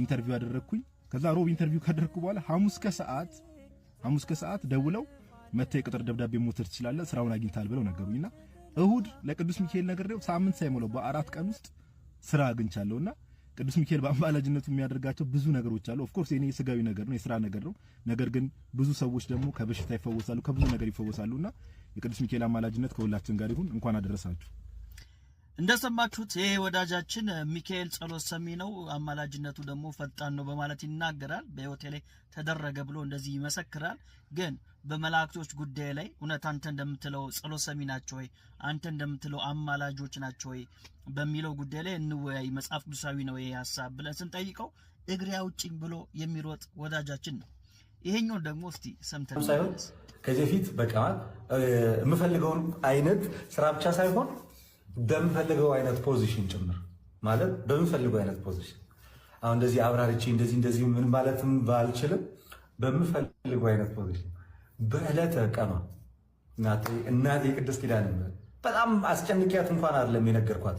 ኢንተርቪው አደረግኩኝ። ከዛ ሮብ ኢንተርቪው ካደረግኩ በኋላ ሐሙስ ከሰዓት ሐሙስ ከሰዓት ደውለው መተ የቅጥር ደብዳቤ ሞተር ትችላለህ፣ ስራውን አግኝታል ብለው ነገሩኝና እሁድ ለቅዱስ ሚካኤል ነግሬው ሳምንት ሳይሞላው በአራት ቀን ውስጥ ስራ አግኝቻለሁና ቅዱስ ሚካኤል በአማላጅነቱ የሚያደርጋቸው ብዙ ነገሮች አሉ። ኦፍ ኮርስ የኔ ስጋዊ ነገር ነው፣ የስራ ነገር ነው። ነገር ግን ብዙ ሰዎች ደግሞ ከበሽታ ይፈወሳሉ፣ ከብዙ ነገር ይፈወሳሉና የቅዱስ ሚካኤል አማላጅነት ከሁላችን ጋር ይሁን። እንኳን አደረሳችሁ። እንደሰማችሁት ይህ ወዳጃችን ሚካኤል ጸሎት ሰሚ ነው፣ አማላጅነቱ ደግሞ ፈጣን ነው በማለት ይናገራል። በህይወቴ ላይ ተደረገ ብሎ እንደዚህ ይመሰክራል። ግን በመላእክቶች ጉዳይ ላይ እውነት አንተ እንደምትለው ጸሎት ሰሚ ናቸው ወይ፣ አንተ እንደምትለው አማላጆች ናቸው ወይ በሚለው ጉዳይ ላይ እንወያይ። መጽሐፍ ቅዱሳዊ ነው ይሄ ሀሳብ ብለን ስንጠይቀው እግሬ አውጭኝ ብሎ የሚሮጥ ወዳጃችን ነው። ይሄኛውን ደግሞ እስቲ ሰምተን ሳይሆን ከዚህ በፊት በቃ የምፈልገውን አይነት ስራ ብቻ ሳይሆን በምፈልገው አይነት ፖዚሽን ጭምር ማለት በምፈልገው አይነት ፖዚሽን አሁን እንደዚህ አብራርቼ እንደዚህ እንደዚህ ምን ማለትም ባልችልም በምፈልገው አይነት ፖዚሽን በዕለተ ቀኗ እናቴ ቅድስት ኪዳን በጣም አስጨንቂያት እንኳን አይደለም የነገርኳት።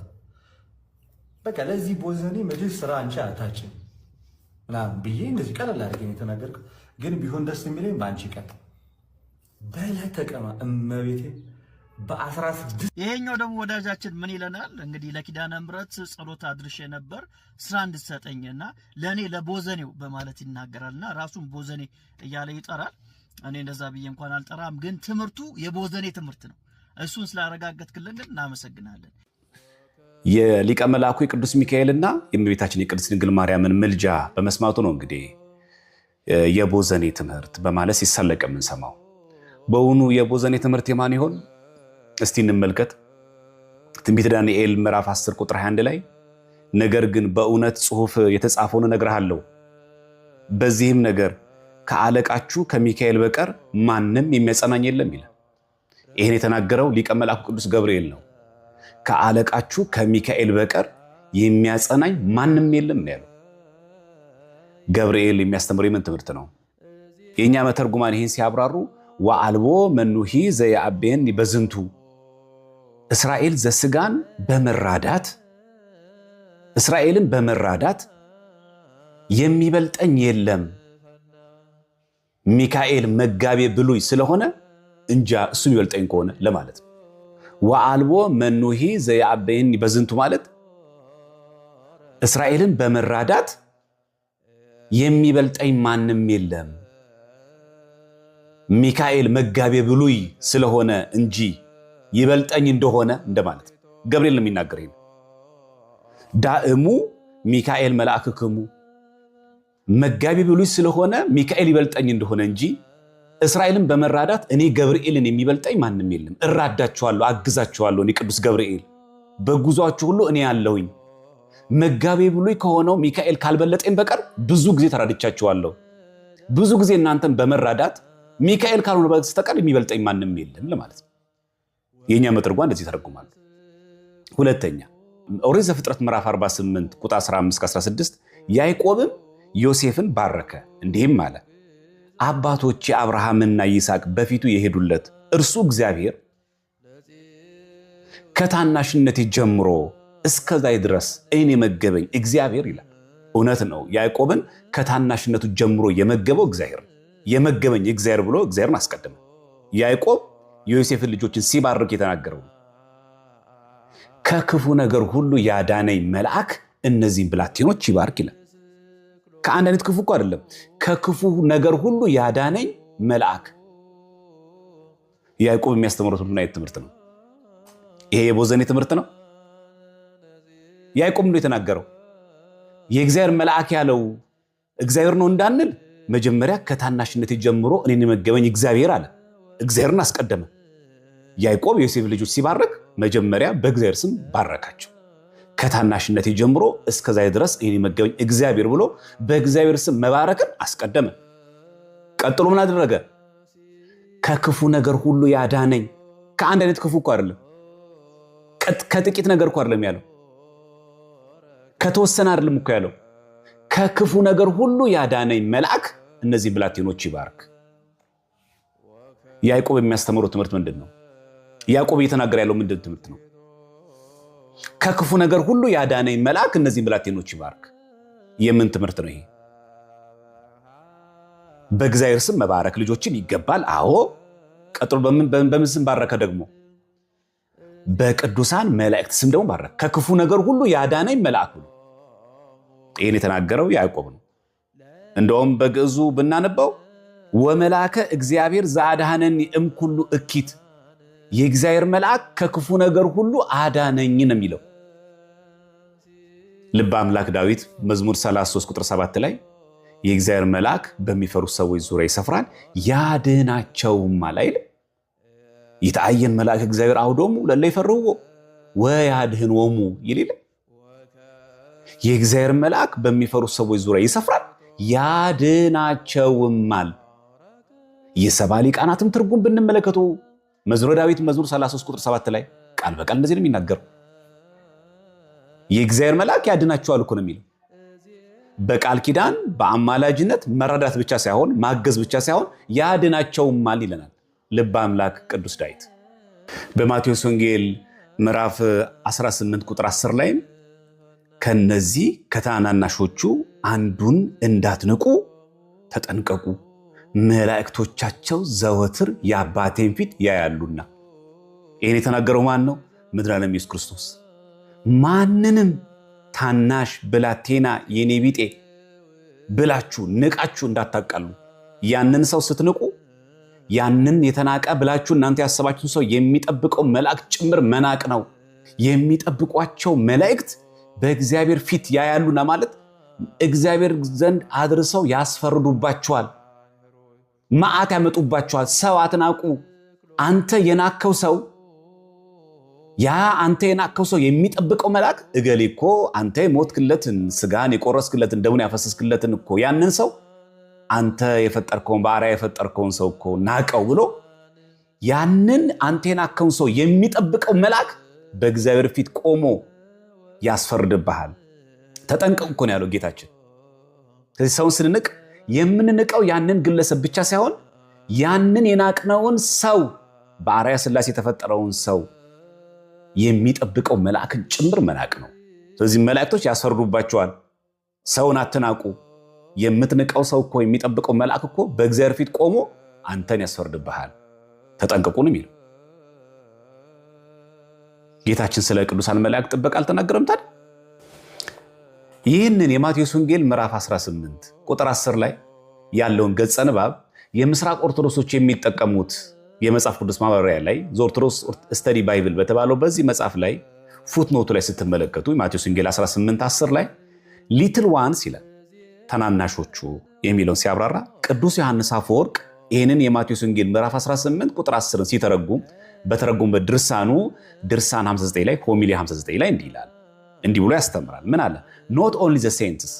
በቃ ለዚህ ቦዘኔ መቼስ ስራ አንቺ አታችን ምናምን ብዬ እንደዚህ ቀለል አድርጌ የተናገርኩት። ግን ቢሆን ደስ የሚለኝ በአንቺ ቀን በዕለተ ቀኗ እመቤቴ ይሄኛው ደግሞ ወዳጃችን ምን ይለናል እንግዲህ ለኪዳነ ምሕረት ጸሎት አድርሼ ነበር ስራ እንድትሰጠኝና ለእኔ ለቦዘኔው በማለት ይናገራልና ራሱን ቦዘኔ እያለ ይጠራል። እኔ እንደዛ ብዬ እንኳን አልጠራም፣ ግን ትምህርቱ የቦዘኔ ትምህርት ነው። እሱን ስላረጋገጥክልን ግን እናመሰግናለን። የሊቀ መልአኩ የቅዱስ ሚካኤልና የእመቤታችን የቅድስት ድንግል ማርያምን ምልጃ በመስማቱ ነው እንግዲህ የቦዘኔ ትምህርት በማለት ሲሰለቅ የምንሰማው። በውኑ የቦዘኔ ትምህርት የማን ይሆን? እስቲ እንመልከት። ትንቢት ዳንኤል ምዕራፍ 10 ቁጥር 21 ላይ ነገር ግን በእውነት ጽሑፍ የተጻፈውን እነግርሃለሁ፣ በዚህም ነገር ከአለቃችሁ ከሚካኤል በቀር ማንም የሚያጸናኝ የለም ይላል። ይህን የተናገረው ሊቀ መልአኩ ቅዱስ ገብርኤል ነው። ከአለቃችሁ ከሚካኤል በቀር የሚያጸናኝ ማንም የለም ያለው ገብርኤል የሚያስተምረው የምን ትምህርት ነው? የእኛ መተርጉማን ይህን ሲያብራሩ ወአልቦ መኑሂ ዘየአቤን በዝንቱ እስራኤል ዘስጋን በመራዳት እስራኤልን በመራዳት የሚበልጠኝ የለም ሚካኤል መጋቤ ብሉይ ስለሆነ እንጃ እሱ ይበልጠኝ ከሆነ ለማለት ነው። ወአልቦ መኑሂ ዘየአበይን በዝንቱ ማለት እስራኤልን በመራዳት የሚበልጠኝ ማንም የለም ሚካኤል መጋቤ ብሉይ ስለሆነ እንጂ ይበልጠኝ እንደሆነ እንደማለት ገብርኤል ነው የሚናገር። ይሄ ዳእሙ ሚካኤል መላእክክሙ መጋቢ ብሉይ ስለሆነ ሚካኤል ይበልጠኝ እንደሆነ እንጂ እስራኤልን በመራዳት እኔ ገብርኤልን የሚበልጠኝ ማንም የለም፣ እራዳችኋለሁ፣ አግዛችኋለሁ። እኔ ቅዱስ ገብርኤል በጉዟችሁ ሁሉ እኔ ያለሁኝ መጋቢ ብሉይ ከሆነው ሚካኤል ካልበለጠኝ በቀር ብዙ ጊዜ ተራድቻችኋለሁ። ብዙ ጊዜ እናንተን በመራዳት ሚካኤል ካልሆነ በስተቀር የሚበልጠኝ ማንም የለም ለማለት ነው። የእኛ መጥርጓ እንደዚህ ተረጉማል። ሁለተኛ ኦሪት ዘፍጥረት ምዕራፍ 48 ቁጥር 15-16 ያዕቆብም ዮሴፍን ባረከ እንዲህም አለ አባቶቼ አብርሃምና ይስሐቅ በፊቱ የሄዱለት እርሱ እግዚአብሔር ከታናሽነቴ ጀምሮ እስከዛይ ድረስ እኔ መገበኝ እግዚአብሔር ይላል። እውነት ነው። ያዕቆብን ከታናሽነቱ ጀምሮ የመገበው እግዚአብሔር የመገበኝ እግዚአብሔር ብሎ እግዚአብሔርን አስቀድመ ያዕቆብ የዮሴፍን ልጆችን ሲባርክ የተናገረው ከክፉ ነገር ሁሉ ያዳነኝ መልአክ እነዚህን ብላቴኖች ይባርክ ይላል። ከአንድ አይነት ክፉ እኮ አይደለም። ከክፉ ነገር ሁሉ ያዳነኝ መልአክ ያዕቆብ የሚያስተምረው ሁሉ አይነት ትምህርት ነው። ይሄ የቦዘኔ ትምህርት ነው። ያዕቆብ ነው የተናገረው። የእግዚአብሔር መልአክ ያለው እግዚአብሔር ነው እንዳንል መጀመሪያ ከታናሽነት ጀምሮ እኔን የመገበኝ እግዚአብሔር አለ። እግዚአብሔርን አስቀደመ። ያዕቆብ የዮሴፍ ልጆች ሲባረክ መጀመሪያ በእግዚአብሔር ስም ባረካቸው። ከታናሽነቴ ጀምሮ እስከዛ ድረስ እኔ መገበኝ እግዚአብሔር ብሎ በእግዚአብሔር ስም መባረክን አስቀደመ። ቀጥሎ ምን አደረገ? ከክፉ ነገር ሁሉ ያዳነኝ። ከአንድ አይነት ክፉ እኮ አይደለም፣ ከጥቂት ነገር እኮ አይደለም ያለው፣ ከተወሰነ አይደለም እኮ ያለው። ከክፉ ነገር ሁሉ ያዳነኝ መልአክ እነዚህ ብላቴኖች ይባርክ። ያዕቆብ የሚያስተምረው ትምህርት ምንድን ነው? ያዕቆብ እየተናገረ ያለው ምንድን ትምህርት ነው? ከክፉ ነገር ሁሉ ያዳነኝ መልአክ እነዚህ ብላቴኖች ይባርክ። የምን ትምህርት ነው ይሄ? በእግዚአብሔር ስም መባረክ ልጆችን ይገባል። አዎ። ቀጥሎ በምን ስም ባረከ ደግሞ? በቅዱሳን መላእክት ስም ደግሞ ባረከ። ከክፉ ነገር ሁሉ ያዳነኝ መልአክ ነው። ይህን የተናገረው ያዕቆብ ነው። እንደውም በግዕዙ ብናነበው ወመላከ እግዚአብሔር ዘአድኀነኒ እምኩሉ እኪት የእግዚአብሔር መልአክ ከክፉ ነገር ሁሉ አዳነኝ ነው የሚለው። ልበ አምላክ ዳዊት መዝሙር 33 ቁጥር 7 ላይ የእግዚአብሔር መልአክ በሚፈሩ ሰዎች ዙሪያ ይሰፍራል ያድናቸውማል አይልም። ይትአየን መልአክ እግዚአብሔር አውዶሙ ለለ ይፈርህዎ ወያድኅኖሙ ይልል። የእግዚአብሔር መልአክ በሚፈሩ ሰዎች ዙሪያ ይሰፍራል ያድናቸውማል። የሰባ ሊቃናትም ትርጉም ብንመለከቱ መዝሙረ ዳዊት መዝሙር 33 ቁጥር 7 ላይ ቃል በቃል እንደዚህ ነው የሚናገረው። የእግዚአብሔር መልአክ ያድናቸዋል እኮ ነው የሚለው። በቃል ኪዳን በአማላጅነት መረዳት ብቻ ሳይሆን ማገዝ ብቻ ሳይሆን ያድናቸውማል ይለናል ልበ አምላክ ቅዱስ ዳዊት። በማቴዎስ ወንጌል ምዕራፍ 18 ቁጥር 10 ላይም ከነዚህ ከታናናሾቹ አንዱን እንዳትንቁ ተጠንቀቁ መላእክቶቻቸው ዘወትር የአባቴን ፊት ያያሉና። ይህን የተናገረው ማን ነው? መድኃኔዓለም ኢየሱስ ክርስቶስ። ማንንም ታናሽ ብላቴና የኔ ቢጤ ብላችሁ ንቃችሁ እንዳታቃሉ። ያንን ሰው ስትንቁ ያንን የተናቀ ብላችሁ እናንተ ያሰባችሁን ሰው የሚጠብቀው መልአክ ጭምር መናቅ ነው። የሚጠብቋቸው መላእክት በእግዚአብሔር ፊት ያያሉና ማለት እግዚአብሔር ዘንድ አድርሰው ያስፈርዱባቸዋል። መዓት ያመጡባቸዋል። ሰው አትናቁ። አንተ የናከው ሰው ያ አንተ የናከው ሰው የሚጠብቀው መልአክ እገሌ እኮ አንተ የሞትክለትን ስጋን የቆረስክለትን ደሙን ያፈሰስክለትን እኮ ያንን ሰው አንተ የፈጠርከውን በአርአያ የፈጠርከውን ሰው እኮ ናቀው ብሎ ያንን አንተ የናከውን ሰው የሚጠብቀው መልአክ በእግዚአብሔር ፊት ቆሞ ያስፈርድብሃል። ተጠንቀቅ እኮ ነው ያለው ጌታችን። ከዚህ ሰውን ስንንቅ የምንንቀው ያንን ግለሰብ ብቻ ሳይሆን ያንን የናቅነውን ሰው በአርአያ ስላሴ የተፈጠረውን ሰው የሚጠብቀው መልአክን ጭምር መናቅ ነው። ስለዚህ መላእክቶች ያስፈርዱባቸዋል። ሰውን አትናቁ። የምትንቀው ሰው እኮ የሚጠብቀው መልአክ እኮ በእግዚአብሔር ፊት ቆሞ አንተን ያስፈርድብሃል። ተጠንቀቁንም ይለው ጌታችን ስለ ቅዱሳን መላእክት ጥበቃ አልተናገረም ታዲያ? ይህንን የማቴዎስ ወንጌል ምዕራፍ 18 ቁጥር 10 ላይ ያለውን ገጸ ንባብ የምስራቅ ኦርቶዶክሶች የሚጠቀሙት የመጽሐፍ ቅዱስ ማብራሪያ ላይ ዘኦርቶዶክስ ስተዲ ባይብል በተባለው በዚህ መጽሐፍ ላይ ፉትኖቱ ላይ ስትመለከቱ ማቴዎስ ወንጌል 18 10 ላይ ሊትል ዋንስ ይላል ተናናሾቹ የሚለውን ሲያብራራ ቅዱስ ዮሐንስ አፈወርቅ ይህንን የማቴዎስ ወንጌል ምዕራፍ 18 ቁጥር 10 ሲተረጉም በተረጉምበት ድርሳኑ ድርሳን 59 ላይ ሆሚሊ 59 ላይ እንዲህ ይላል እንዲህ ብሎ ያስተምራል። ምን አለ? ኖት ኦንሊ ዘ ሴንትስ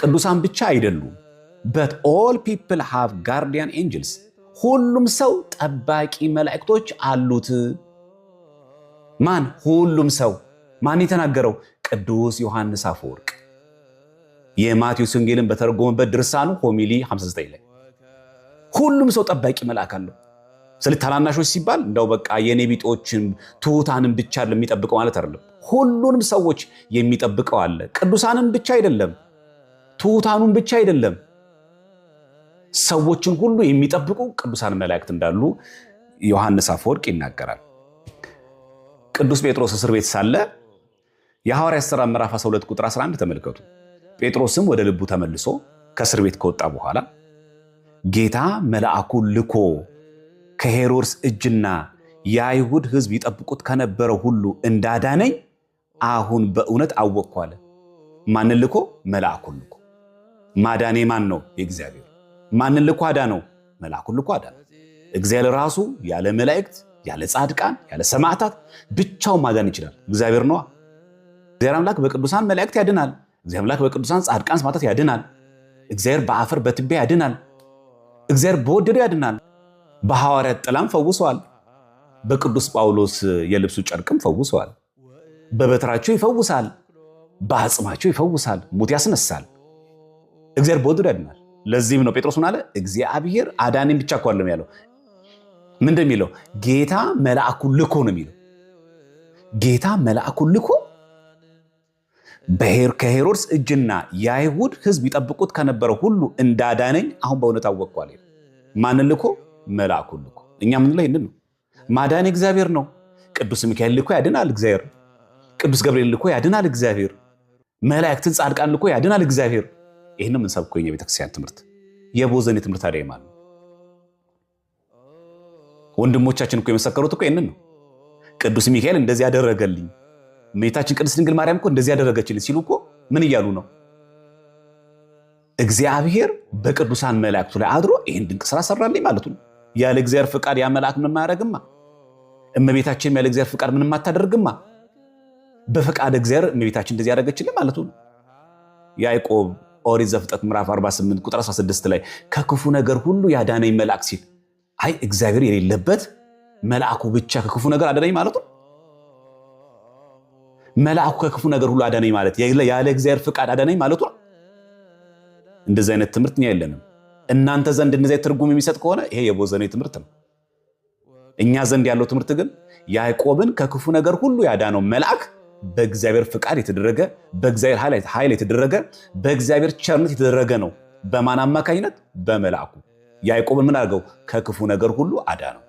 ቅዱሳን ብቻ አይደሉም፣ በት ኦል ፒፕል ሃቭ ጋርዲያን ኤንጅልስ ሁሉም ሰው ጠባቂ መላእክቶች አሉት። ማን? ሁሉም ሰው። ማን የተናገረው? ቅዱስ ዮሐንስ አፈወርቅ የማቴዎስ ወንጌልን በተረጎመበት ድርሳኑ ሆሚሊ 59 ላይ ሁሉም ሰው ጠባቂ መልአክ አለው። ስለዚህ ታናናሾች ሲባል እንደው በቃ የኔ ቢጦችን ትሑታንም ብቻ የሚጠብቀው ማለት አይደለም። ሁሉንም ሰዎች የሚጠብቀው አለ። ቅዱሳንም ብቻ አይደለም፣ ትሁታኑን ብቻ አይደለም። ሰዎችን ሁሉ የሚጠብቁ ቅዱሳን መላእክት እንዳሉ ዮሐንስ አፈወርቅ ይናገራል። ቅዱስ ጴጥሮስ እስር ቤት ሳለ የሐዋርያ ሥራ ምዕራፍ 12 ቁጥር 11 ተመልከቱ። ጴጥሮስም ወደ ልቡ ተመልሶ ከእስር ቤት ከወጣ በኋላ ጌታ መልአኩን ልኮ ከሄሮድስ እጅና የአይሁድ ሕዝብ ይጠብቁት ከነበረው ሁሉ እንዳዳነኝ አሁን በእውነት አወቅኩ አለ። ማንን ልኮ? መልአኩን ልኮ። ማዳኔ ማን ነው? የእግዚአብሔር። ማንን ልኮ አዳነው? መልአኩን ልኮ አዳነው። እግዚአብሔር ራሱ ያለ መላእክት፣ ያለ ጻድቃን፣ ያለ ሰማዕታት ብቻው ማዳን ይችላል። እግዚአብሔር ነዋ። እግዚአብሔር አምላክ በቅዱሳን መላእክት ያድናል። እግዚአብሔር አምላክ በቅዱሳን ጻድቃን፣ ሰማዕታት ያድናል። እግዚአብሔር በአፈር በትቢያ ያድናል። እግዚአብሔር በወደደው ያድናል። በሐዋርያት ጥላም ፈውሰዋል። በቅዱስ ጳውሎስ የልብሱ ጨርቅም ፈውሰዋል። በበትራቸው ይፈውሳል፣ በአጽማቸው ይፈውሳል፣ ሙት ያስነሳል። እግዚአብሔር በወዱ ያድናል። ለዚህም ነው ጴጥሮስ ምን አለ? እግዚአብሔር አዳኔን ብቻ እኮ አይደለም ያለው። ምን እንደሚለው ጌታ መልአኩ ልኮ ነው የሚለው። ጌታ መልአኩ ልኮ ከሄሮድስ እጅና የአይሁድ ሕዝብ ይጠብቁት ከነበረው ሁሉ እንዳዳነኝ አሁን በእውነት አወቅኳል። ማንን ልኮ መልአኩ ልኮ እኛ ምን ላይ ነው ማዳን እግዚአብሔር ነው። ቅዱስ ሚካኤል ልኮ ያድናል እግዚአብሔር። ቅዱስ ገብርኤል ልኮ ያድናል እግዚአብሔር። መላእክትን ጻድቃን ልኮ ያድናል እግዚአብሔር። ይህን ምንሰብ የኛ ቤተክርስቲያን ትምህርት የቦዘኔ ትምህርት አደ ማለት ነው። ወንድሞቻችን እኮ የመሰከሩት እኮ ይህንን ነው። ቅዱስ ሚካኤል እንደዚህ ያደረገልኝ፣ እመቤታችን ቅድስት ድንግል ማርያም እኮ እንደዚህ ያደረገችልኝ ሲሉ እኮ ምን እያሉ ነው? እግዚአብሔር በቅዱሳን መላእክቱ ላይ አድሮ ይህን ድንቅ ስራ ሰራልኝ ማለቱ ነው። ያለ እግዚአብሔር ፍቃድ ያ መልአክ ምንም አያደርግማ። እመቤታችንም ያለ እግዚአብሔር ፍቃድ ምንም አታደርግማ። በፈቃድ እግዚአብሔር እመቤታችን እንደዚህ ያደረገችልን ማለቱ ነው። ያዕቆብ ኦሪት ዘፍጥረት ምዕራፍ 48 ቁጥር 16 ላይ ከክፉ ነገር ሁሉ ያዳነኝ መልአክ ሲል አይ እግዚአብሔር የሌለበት መልአኩ ብቻ ከክፉ ነገር አዳነኝ ማለቱ ነው። መልአኩ ከክፉ ነገር ሁሉ አዳነኝ ማለት ያለ እግዚአብሔር ፍቃድ አዳነኝ ማለቱ ነው። እንደዚህ አይነት ትምህርት እኛ የለንም። እናንተ ዘንድ እንደዚያ ትርጉም የሚሰጥ ከሆነ ይሄ የቦዘኔ ትምህርት ነው። እኛ ዘንድ ያለው ትምህርት ግን ያዕቆብን ከክፉ ነገር ሁሉ ያዳነው መልአክ በእግዚአብሔር ፍቃድ የተደረገ በእግዚአብሔር ኃይል የተደረገ በእግዚአብሔር ቸርነት የተደረገ ነው። በማን አማካኝነት? በመልአኩ። ያዕቆብን ምን አድርገው? ከክፉ ነገር ሁሉ አዳነው።